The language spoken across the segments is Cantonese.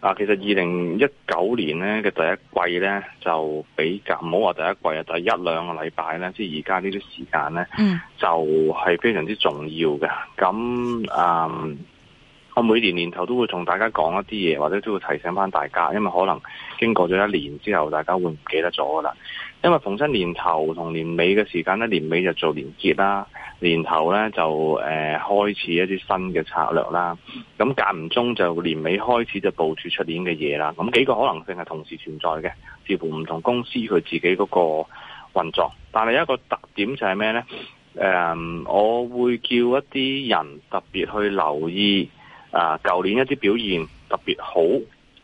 啊，其實二零一九年咧嘅第一季咧就比較唔好話第一季啊，第一兩個禮拜咧，即係而家呢啲時間咧，就係非常之重要嘅。咁啊。嗯我每年年頭都會同大家講一啲嘢，或者都會提醒翻大家，因為可能經過咗一年之後，大家會唔記得咗噶啦。因為逢新年頭同年尾嘅時間，年尾就做年結啦，年頭呢就誒、呃、開始一啲新嘅策略啦。咁間唔中就年尾開始就部署出年嘅嘢啦。咁幾個可能性係同時存在嘅，似乎唔同公司佢自己嗰個運作。但係有一個特點就係咩呢？誒、呃，我會叫一啲人特別去留意。啊！舊年一啲表現特別好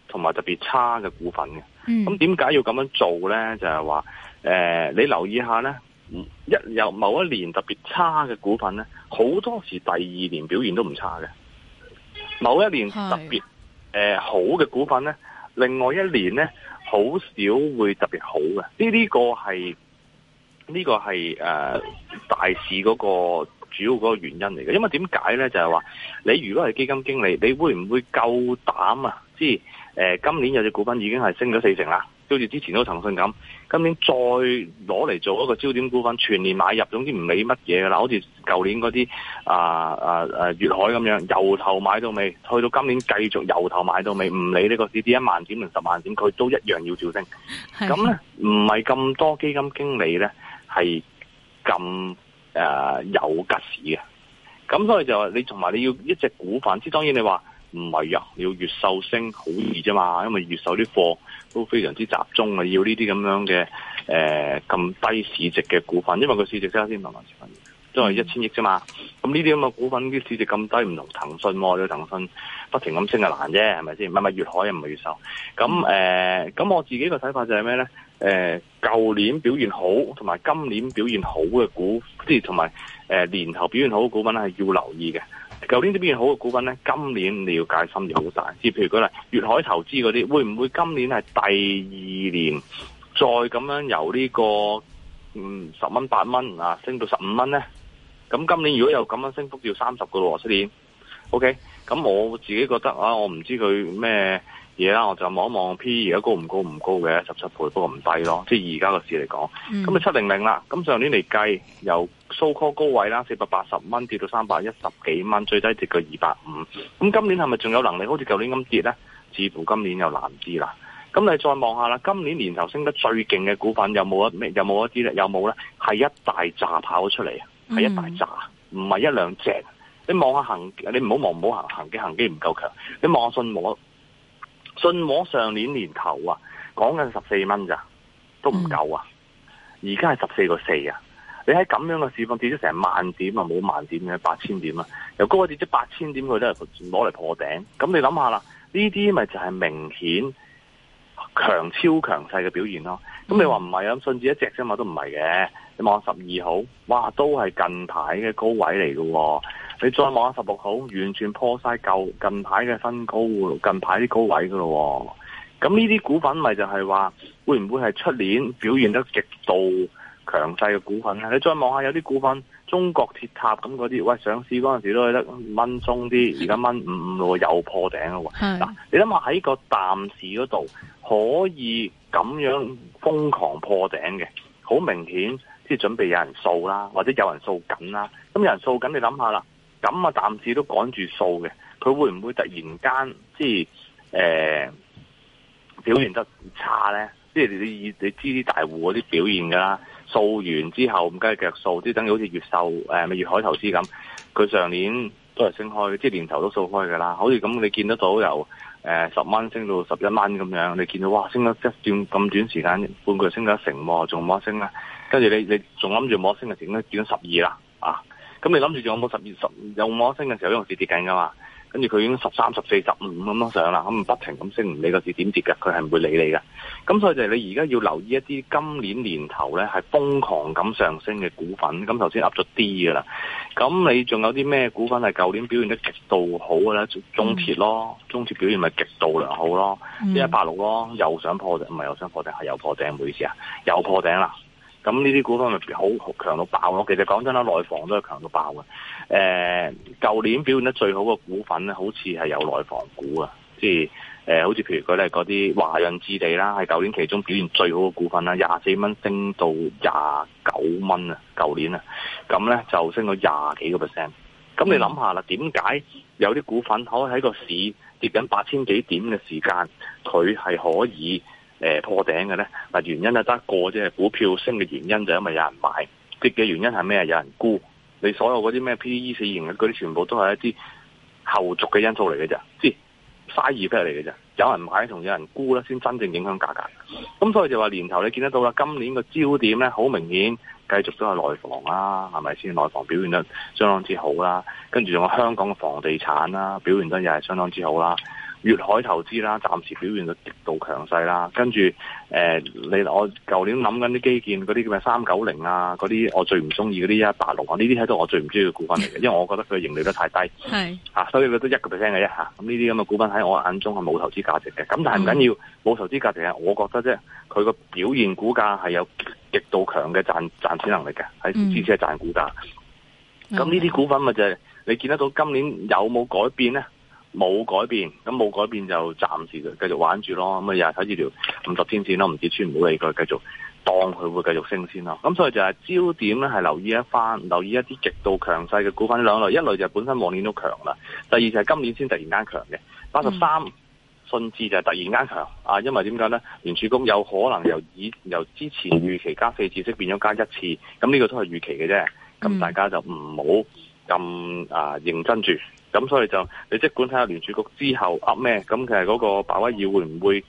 同埋特別差嘅股份嘅，咁點解要咁樣做呢？就係話，誒，你留意下呢一有某一年特別差嘅股份呢，好多時第二年表現都唔差嘅。某一年特別誒是好嘅股份呢，另外一年呢好少會特別好嘅。呢個係呢個係誒大市嗰個。主要嗰個原因嚟嘅，因為點解咧？就係話你如果係基金經理，你會唔會夠膽啊？即係、呃、今年有隻股份已經係升咗四成啦，好似之前嗰個騰訊咁，今年再攞嚟做一個焦點股份，全年買入，總之唔理乜嘢嘅啦，好似舊年嗰啲啊啊啊粵海咁樣，由頭買到尾，去到今年繼續由頭買到尾，唔理呢個市跌一萬點定十萬點，佢都一樣要照升。咁咧的，唔係咁多基金經理咧，係咁。誒、呃、有吉市嘅，咁所以就話你同埋你要一隻股份，之當然你話唔係啊，你要越秀升好易啫嘛，因為越秀啲貨都非常之集中啊，要呢啲咁樣嘅誒咁低市值嘅股份，因為佢市值差啲萬萬市份，都係一千億啫嘛。咁呢啲咁嘅股份啲市值咁低，唔同騰訊喎、哦，你騰訊不停咁升就難啫，係咪先？唔係唔越海又唔係越秀。咁誒，咁、呃、我自己個睇法就係咩咧？誒，舊年表現好同埋今年表現好嘅股，即係同埋誒年頭表現好嘅股份係要留意嘅。舊年啲表現好嘅股份咧，今年你要戒心要好大。即譬如佢啦，粵海投資嗰啲，會唔會今年係第二年再咁樣由呢個嗯十蚊八蚊啊升到十五蚊咧？咁今年如果有咁樣升幅，要三十個咯喎、哦，出年。OK，咁我自己覺得啊，我唔知佢咩。嘢啦，我就望一望 P，而家高唔高唔高嘅十七倍，不過唔低咯。即係而家個市嚟講，咁、嗯、就七零零啦。咁上年嚟計，由 so call 高位啦，四百八十蚊跌到三百一十幾蚊，最低跌到二百五。咁今年係咪仲有能力好似舊年咁跌呢？似乎今年又難知啦。咁你再望下啦，今年年頭升得最勁嘅股份有冇一有冇一啲咧？有冇咧？係一,一大紮跑咗出嚟啊！係、嗯、一大扎，唔係一兩隻。你望下恒，你唔好望，唔好恒，恒基、恒基唔夠強。你望下信和。信網上年年頭啊，講緊十四蚊咋，都唔夠啊！而家係十四個四啊！你喺咁樣嘅市況跌咗成萬點啊，冇萬點嘅、啊、八千點啊。由高位跌咗八千點，佢都係攞嚟破頂。咁、嗯、你諗下啦，呢啲咪就係明顯強超強勢嘅表現咯、啊？咁、嗯嗯、你話唔係啊？信置一隻啫嘛，都唔係嘅。你望十二號，哇，都係近排嘅高位嚟嘅喎。你再望下十六號，完全破晒舊近排嘅新高，近排啲高位噶咯、哦。咁呢啲股份咪就係話，會唔會係出年表現得極度強勢嘅股份咧？你再望下有啲股份，中國鐵塔咁嗰啲，喂上市嗰陣時都係得蚊鬆啲，而家蚊五五喎，又破頂咯、哦。嗱的、啊，你諗下喺個淡市嗰度可以咁樣瘋狂破頂嘅，好明顯即係準備有人掃啦，或者有人掃緊啦。咁有人掃緊，你諗下啦。咁啊，暫時都趕住掃嘅，佢會唔會突然間即係誒、呃、表現得差咧？即係你你知啲大戶嗰啲表現噶啦，掃完之後唔梗係腳數，即係等於好似越秀、呃、越海投資咁，佢上年都係升開，即係年頭都掃開㗎啦。好似咁你見得到由誒十蚊升到十一蚊咁樣，你見到哇升咗一轉咁短時間半個月升咗一成喎、啊，仲冇得升啦跟住你你仲諗住冇得升就點咧？見咗十二啦，啊！咁 你諗住仲有冇十二、十又冇得升嘅時候呢個市跌緊噶嘛？跟住佢已經十三、十四、十五咁樣上啦，咁不停咁升，唔理個市點跌嘅，佢係唔會理你嘅。咁所以就係你而家要留意一啲今年年頭咧係瘋狂咁上升嘅股份。咁頭先噏咗 D 噶啦，咁你仲有啲咩股份係舊年表現得極度好嘅咧？中鐵咯，嗯、中鐵表現咪極度良好咯，一一八六咯，又想破頂？唔係又想破頂，係又破頂，唔好意思啊。 又破頂啦！咁呢啲股份咪好強到爆咯！其實講真啦，內房都係強到爆嘅。誒、呃，舊年表現得最好嘅股份咧，好似係有內房股啊，即係、呃、好似譬如佢哋嗰啲華潤置地啦，係舊年其中表現最好嘅股份啦，廿四蚊升到廿九蚊啊！舊年啊，咁咧就升到廿幾個 percent。咁你諗下啦，點解有啲股份可以喺個市跌緊八千幾點嘅時間，佢係可以誒、呃，破頂嘅咧，嗱原因啊得一個啫，股票升嘅原因就因為有人買，跌嘅原因係咩？有人沽，你所有嗰啲咩 P E 四型嗰啲，全部都係一啲後續嘅因素嚟嘅咋，即、欸、嘥意畀佢嚟嘅啫，有人買同有人沽啦，先真正影響價格。咁所以就話年頭你見得到啦，今年個焦點咧，好明顯繼續都係內房啦、啊，係咪先？內房表現得相當之好啦、啊，跟住仲有香港嘅房地產啦、啊，表現得又係相當之好啦、啊。粵海投資啦，暫時表現到極度強勢啦。跟住誒，你我舊年諗緊啲基建嗰啲叫咩三九零啊，嗰啲我最唔中意嗰啲啊。大陸啊，呢啲喺度我最唔中意嘅股份嚟嘅， 因為我覺得佢盈利得太低，係嚇是、啊，所以佢都一個 percent 嘅嚇。咁呢啲咁嘅股份喺我眼中係冇投資價值嘅。咁但係唔緊要，冇、嗯、投資價值係我覺得啫。佢個表現股價係有極度強嘅賺賺錢能力嘅，係持係賺股價。咁呢啲股份咪就係、是、你見得到今年有冇改變咧？冇改變，咁冇改變就暫時繼續玩住咯，咁啊又睇住條五十天線咯，唔跌穿唔好理佢，繼續當佢會繼續升先咯。咁所以就係焦點咧，係留意一番，留意一啲極度強勢嘅股份兩類，一類就本身往年都強啦，第二就係今年先突然間強嘅，八十三信置就係突然間強，啊、嗯，因為點解咧？聯儲局有可能由以由之前預期加四次，變咗加一次，咁、這、呢個都係預期嘅啫，咁、嗯、大家就唔好。咁啊，認真住，咁所以就你即管睇下聯儲局之後噏咩？咁、啊、其實嗰個鮑威爾會唔會，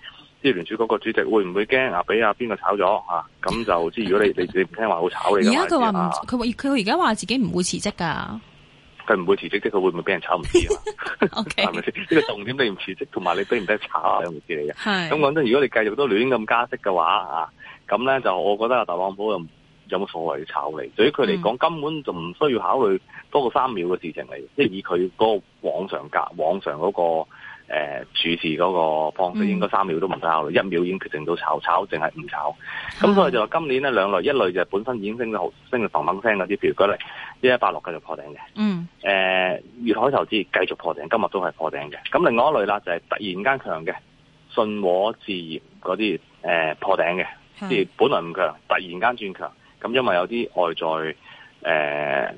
即聯儲局個主席會唔會驚啊？俾阿邊個炒咗啊？咁就即如果你 你你唔聽話會炒你。而家佢話唔，佢佢而家話自己唔會辭職噶。佢唔會辭職，即佢會唔會俾人炒唔知啊 o 係咪先？呢 Okay. 個重點辭職你唔辭職，同埋你俾唔俾炒都唔知你嘅。係 是。咁講真，如果你繼續都亂咁加息嘅話啊，咁咧就我覺得阿特朗普又。有冇所謂炒嚟？對於佢嚟講，嗯、根本就唔需要考慮多過三秒嘅事情嚟。即係以佢嗰個往常格、往常嗰個、呃、處事嗰個方式，嗯、應該三秒都唔使考慮。一秒已經決定到炒、炒定係唔炒。咁、嗯、所以就話今年呢兩類，一類就係本身已經升到好、升到嘭嘭聲嗰啲，譬如格力一一八六繼續破頂嘅。嗯。誒、呃，粵海投資繼續破頂，今日都係破頂嘅。咁另外一類啦，就係突然間強嘅信和置業嗰啲誒破頂嘅，即係、嗯、本來唔強，突然間轉強。咁因為有啲外在誒、呃、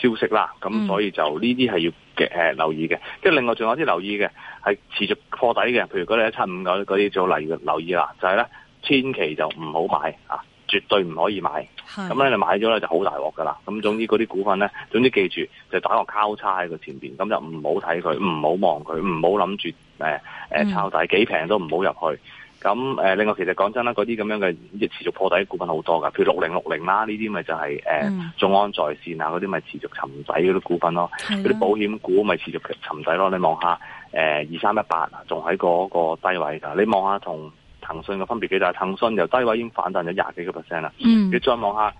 消息啦，咁、嗯、所以就呢啲係要、呃、留意嘅。即係另外仲有啲留意嘅，係持續破底嘅。譬如嗰果你一七五九嗰啲就例如留意啦，就係、是、咧千祈就唔好買啊，絕對唔可以買。咁咧是、嗯、你買咗咧就好大鑊噶啦。咁總之嗰啲股份咧，總之記住就打個交叉喺佢前面，咁就唔好睇佢，唔好望佢，唔好諗住誒誒抄底，幾平都唔好入去。咁誒、嗯，另外其實講真啦，嗰啲咁樣嘅持續破底嘅股份好多噶，譬如六零六零啦，呢啲咪就係誒眾安在線啊，嗰啲咪持續沉底嗰啲股份咯，嗰啲、嗯、保險股咪持續沉底咯。你望下誒二三一八啊，仲喺嗰個低位㗎。你望下同騰訊嘅分別幾大？就係、騰訊由低位已經反彈咗廿幾個 percent 啦。你、嗯、再望下。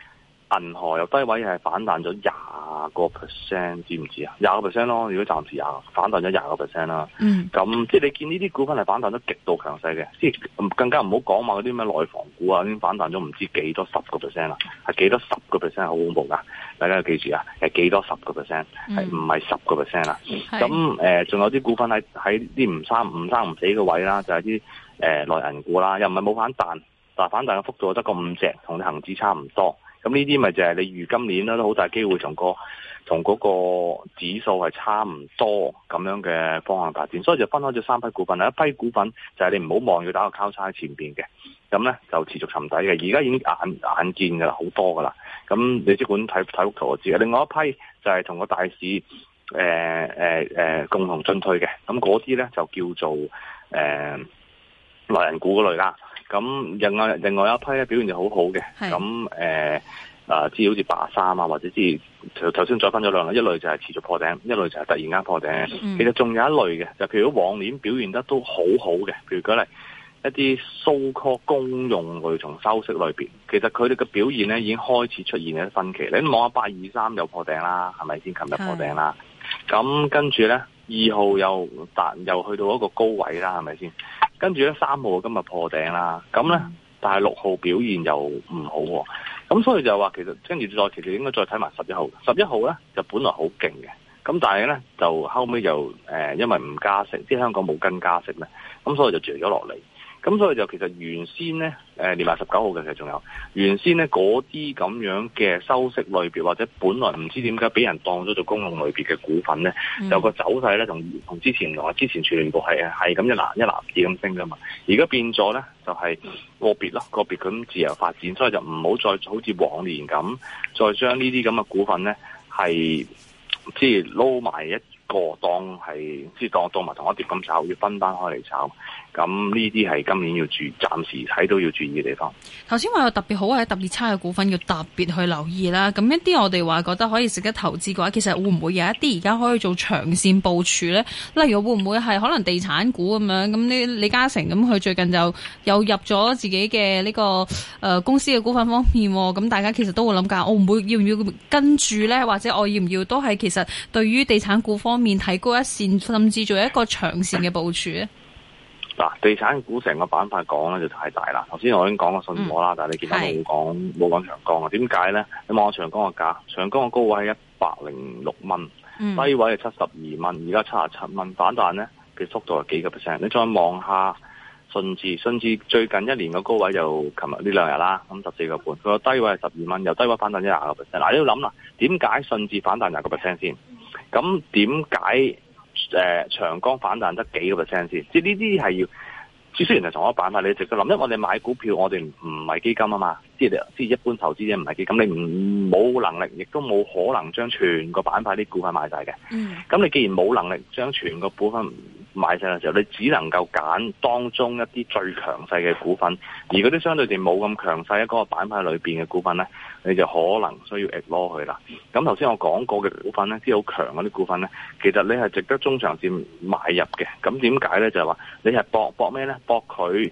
銀行由低位係反彈咗廿個 percent，知唔知啊？廿個 percent 咯，如果暫時啊，反彈咗廿個 percent 啦。嗯。咁即係你見呢啲股份係反彈得極度強勢嘅，即係更加唔好講話嗰啲咩內房股啊，已經反彈咗唔知幾多十個 percent 啦，係幾多十個 percent 好恐怖噶！大家要記住啊，係幾多十個 percent，係唔係十個 percent 啦？咁誒，仲有啲股份喺喺啲唔生唔生唔死嘅位啦，就係啲誒內銀股啦，又唔係冇反彈，但反彈嘅幅度得咁五隻，同恒指差唔多。咁呢啲咪就係你預今年咧，都好大機會同嗰同嗰個指數係差唔多咁樣嘅方向發展，所以就分開咗三批股份啦。一批股份就係你唔好望要打個交叉喺前面嘅，咁咧就持續沉底嘅。而家已經眼眼見噶啦，好多噶啦。咁你即管睇睇幅圖就知。另外一批就係同個大市誒誒、呃呃呃、共同進退嘅，咁嗰啲咧就叫做誒內、呃、銀股嗰類啦。咁另外，另外一批咧，表現就好好嘅。咁誒啊，好似八三啊，或者之頭頭先再分咗兩類，一類就係持續破頂，一類就係突然間破頂。嗯、其實仲有一類嘅，就譬如往年表現得都好好嘅，譬如講嚟一啲 so-called 公用類從收息類別。其實佢哋嘅表現咧已經開始出現一啲分歧。你望下八二三又破頂啦，係咪先？琴日破頂啦。咁跟住咧二號又彈又去到一個高位啦，係咪先？跟住咧，三號今日破頂啦，咁咧但係六號表現又唔好，哦，咁所以就話其實跟住再其實應該再睇埋十一號，十一號咧就本來好勁嘅，咁但係咧就後尾就誒因為唔加息，即係香港冇跟加息咧，咁所以就除咗落嚟。咁所以就其實原先咧，誒連埋十九號嘅時候仲有原先咧嗰啲咁樣嘅收息類別，或者本來唔知點解俾人當咗做公共類別嘅股份咧，有、嗯、個走勢咧，同同之前同埋之前傳聯部係係咁一籃一籃子咁升噶嘛，而家變咗咧就係、是、個別咯，個別咁自由發展，所以就唔好再好似往年咁，再將呢啲咁嘅股份咧係即係撈埋一個當係即係當當埋同一碟咁炒，要分班開嚟炒。咁呢啲係今年要注意，暫時睇到要注意嘅地方。頭先話有特別好或者特別差嘅股份要特別去留意啦。咁一啲我哋話覺得可以值得投資嘅話，其實會唔會有一啲而家可以做長線部署呢？例如會唔會係可能地產股咁樣？咁呢，李嘉誠咁佢最近就又入咗自己嘅呢、呢個誒、呃、公司嘅股份方面，咁大家其實都會諗緊，我唔會要唔要跟住呢？或者我要唔要都係其實對於地產股方面提高一線，甚至做一個長線嘅部署呢。 嗱，地產股成個板塊講咧就太大啦。頭先我已經講過信和啦，嗯、但係你見到冇講冇講長江啊？點解咧？你望下長江個價，長江個高位係一百零六蚊，嗯、低位係七十二蚊，而家七十七蚊，反彈咧嘅速度係幾個 percent？你再望下順治，順治最近一年嘅高位就琴日呢兩日啦，咁十四個半，佢個低位係十二蚊，又低位反彈一廿個 percent。嗱、嗯，你要諗啦，點解順治反彈廿個 percent 先？咁點解？誒、呃，長江反彈得幾個 percent 先？即係呢啲係要，雖然係同一個板塊，你直接諗，因為我哋買股票，我哋唔係基金啊嘛，即係即係一般投資者唔係基金，咁你唔冇能力，亦都冇可能將全個板塊啲股份買晒嘅。咁、嗯、你既然冇能力將全個股份買晒嘅時候，你只能夠揀當中一啲最強勢嘅股份，而嗰啲相對地冇咁強勢嘅嗰個板塊裏邊嘅股份咧。你就可能需要 ignore 佢啦。咁頭先我講過嘅股份咧，啲好強嗰啲股份咧，其實你係值得中長線買入嘅。咁點解咧？就係、是、話你係博博咩咧？博佢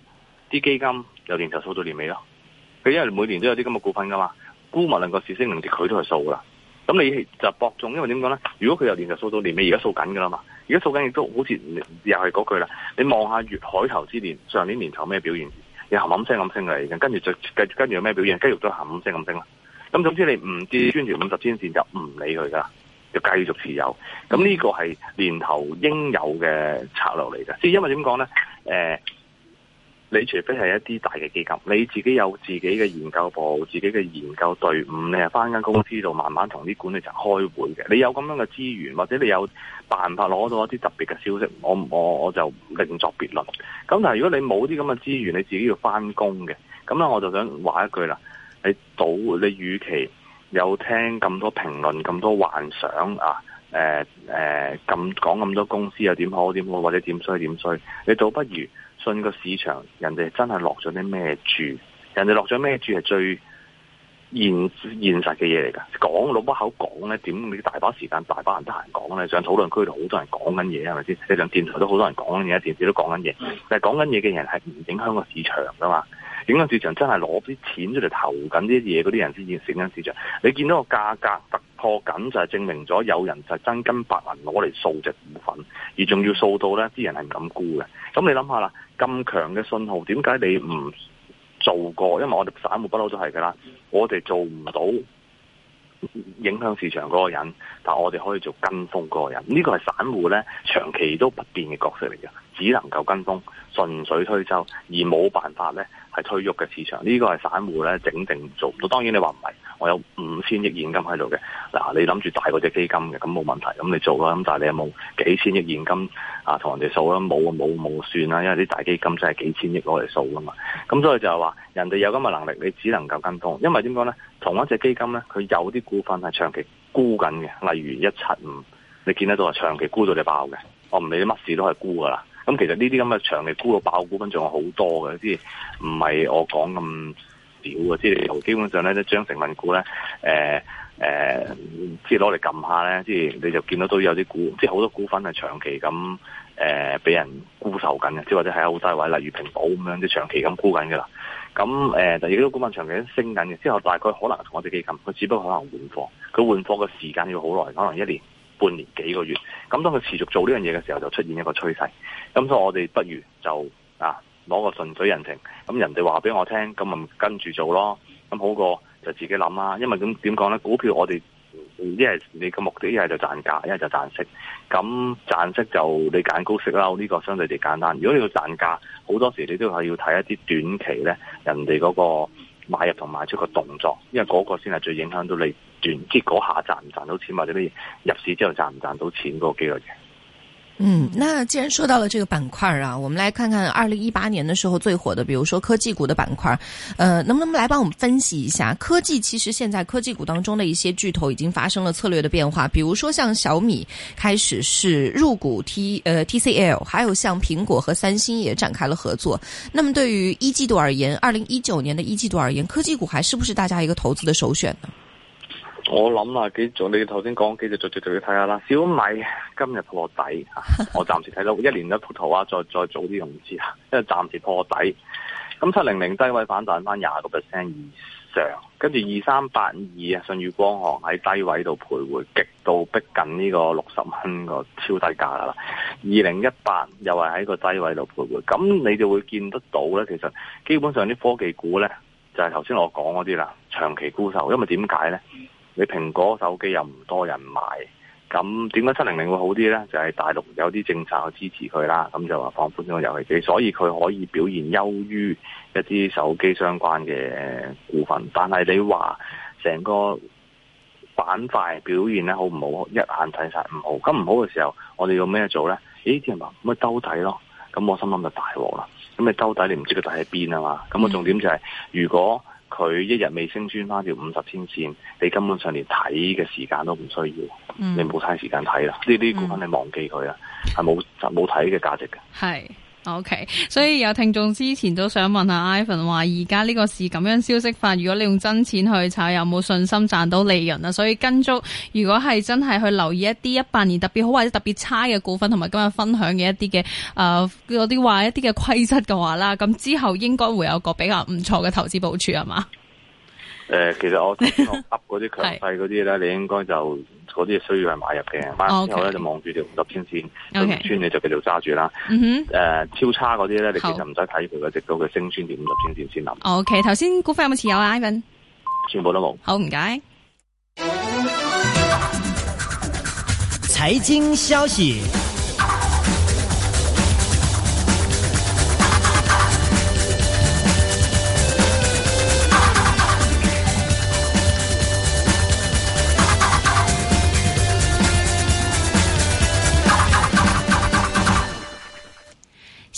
啲基金由年頭掃到年尾咯。佢因為每年都有啲咁嘅股份噶嘛，估冇兩個市升，連跌佢都係數噶啦。咁你就博中，因為點講咧？如果佢由年頭掃到年尾，而家掃緊噶啦嘛，而家掃緊亦都好似又係嗰句啦。你望下粵海投資年上年年頭咩表現，又冚冚聲咁升嚟嘅，跟住再繼續跟住有咩表現，繼續再冚冚聲咁升啦。咁總之你唔知穿住五十天線就唔理佢噶，就繼續持有。咁呢個係年頭應有嘅策略嚟㗎。即係因為點講呢？誒、呃，你除非係一啲大嘅基金，你自己有自己嘅研究部、自己嘅研究隊伍，你係翻間公司度慢慢同啲管理層開會嘅。你有咁樣嘅資源，或者你有辦法攞到一啲特別嘅消息，我我我就另作別論。咁但係如果你冇啲咁嘅資源，你自己要翻工嘅。咁咧，我就想話一句啦。你到你，與其有聽咁多評論、咁多幻想啊，誒、啊、咁、啊啊、講咁多公司又點好點好，或者點衰點衰，你倒不如信個市場，人哋真係落咗啲咩注，人哋落咗咩注係最現現實嘅嘢嚟㗎。講老把口講咧，點你大把時間，大把人得閒講咧。上討論區度好多人講緊嘢，係咪先？你上電台都好多人講緊嘢，而家電視都講緊嘢。是的但係講緊嘢嘅人係唔影響個市場㗎嘛？影響市場真係攞啲錢出嚟投緊啲嘢嗰啲人先至影響市場。你見到個價格突破緊就係證明咗有人就真金白銀攞嚟掃隻股份，而仲要掃到咧啲人係唔敢沽嘅。咁你諗下啦，咁強嘅信號點解你唔做過？因為我哋散戶不嬲都係㗎啦，我哋做唔到影響市場嗰個人，但係我哋可以做跟風嗰個人。呢個係散戶咧長期都不變嘅角色嚟嘅。只能夠跟風，順水推舟，而冇辦法咧係推喐嘅市場。呢個係散戶咧整定做唔到。當然你話唔係，我有五千億現金喺度嘅。嗱，你諗住大嗰隻基金嘅咁冇問題，咁你做啦。咁但係你有冇幾千億現金啊？同人哋數啦，冇啊，冇，冇算啦，因為啲大基金真係幾千億攞嚟數噶嘛。咁所以就係話，人哋有咁嘅能力，你只能夠跟風。因為點講咧？同一隻基金咧，佢有啲股份係長期沽緊嘅，例如一七五，你見得到係長期沽到你爆嘅。我唔理乜事都係沽噶啦。咁其實呢啲咁嘅長期沽到爆股份仲有好多嘅，即係唔係我講咁少嘅，即係基本上咧，將成分股咧，誒、呃、誒，即係攞嚟撳下咧，即係你就見到都有啲股，即係好多股份係長期咁誒俾人沽售緊嘅，即係或者係好低位，例如平保咁樣，即係長期咁沽緊嘅啦。咁誒，第二啲股份長期升緊嘅，之後大概可能同我哋基金，佢只不過可能換貨，佢換貨嘅時間要好耐，可能一年。半年幾個月，咁當佢持續做呢樣嘢嘅時候，就出現一個趨勢。咁所以我哋不如就啊攞個順水人情，咁人哋話俾我聽，咁咪跟住做咯。咁好過就自己諗啦、啊，因為咁點講呢？股票我哋一係你個目的，一係就賺價，一係就賺息。咁賺息就你揀高息啦。呢個相對地簡單。如果你要賺價，好多時你都係要睇一啲短期呢人哋嗰個買入同賣出個動作，因為嗰個先係最影響到你，結果下賺唔賺到錢，或者啲入市之後賺唔賺到錢嗰個機會。嗯，那既然說到了這個板塊啊，我們來看看二零一八年的時候最火的，比如說科技股的板塊，呃，能不能來幫我們分析一下科技？其實現在科技股當中的一些巨頭已經發生了策略的變化，比如說像小米開始是入股 T，呃 TCL，還有像蘋果和三星也展開了合作。那麼對於一季度而言，二零一九年的一季度而言，科技股還是不是大家一個投資的首選呢？我諗啊，剛才幾仲你頭先講幾隻，再再再睇下啦。小米今日破底吓，我暫時睇到一年一幅圖啊，再再早啲又唔知啦，因為暫時破底。咁七零零低位反彈翻廿個 percent 以上，跟住二三八二啊，舜宇光學喺低位度徘徊，極度逼近呢個六十蚊個超低價啦。二零一八又係喺個低位度徘徊，咁你就會見得到咧。其實基本上啲科技股咧，就係頭先我講嗰啲啦，長期沽售，因為點解咧？你蘋果手機又唔多人買，咁點解七零零會好啲呢？就係大陸有啲政策去支持佢啦，咁就話放寬咗遊戲機，所以佢可以表現優於一啲手機相關嘅股份。但係你話成個板塊表現咧好唔好？一眼睇晒唔好，咁唔好嘅時候，我哋用咩做呢？咦啲人話咁咪兜底咯，咁我心諗就大鑊啦。咁你兜底你唔知佢底喺邊啊嘛？咁我重點就係如果。佢一日未升穿翻條五十天線，你根本上連睇嘅時間都唔需要，嗯、你冇嘥時間睇啦。呢啲股份你忘記佢啦，係冇冇睇嘅價值嘅。係。OK，所以有聽眾之前都想問下 Ivan，話而家呢個市咁樣消息法，如果你用真錢去炒，有冇信心賺到利潤啊？所以跟足，如果係真係去留意一啲一八年特別好或者特別差嘅股份，同埋今日分享嘅一啲嘅，誒啲話一啲嘅規則嘅話啦，咁之後應該會有個比較唔錯嘅投資部署係嘛？誒、呃，其實我我噏嗰啲強勢嗰啲咧， 是你應該就嗰啲需要係買入嘅，買完之後咧 Okay. 就望住條五十天線，咁唔穿你就繼續揸住啦。哼，誒，超差嗰啲咧，好你其實唔使睇佢個直到佢升穿條五十天線先諗。O K，頭先股份有冇持有啊，Ivan？全部都冇。好唔該。謝謝。財經消息。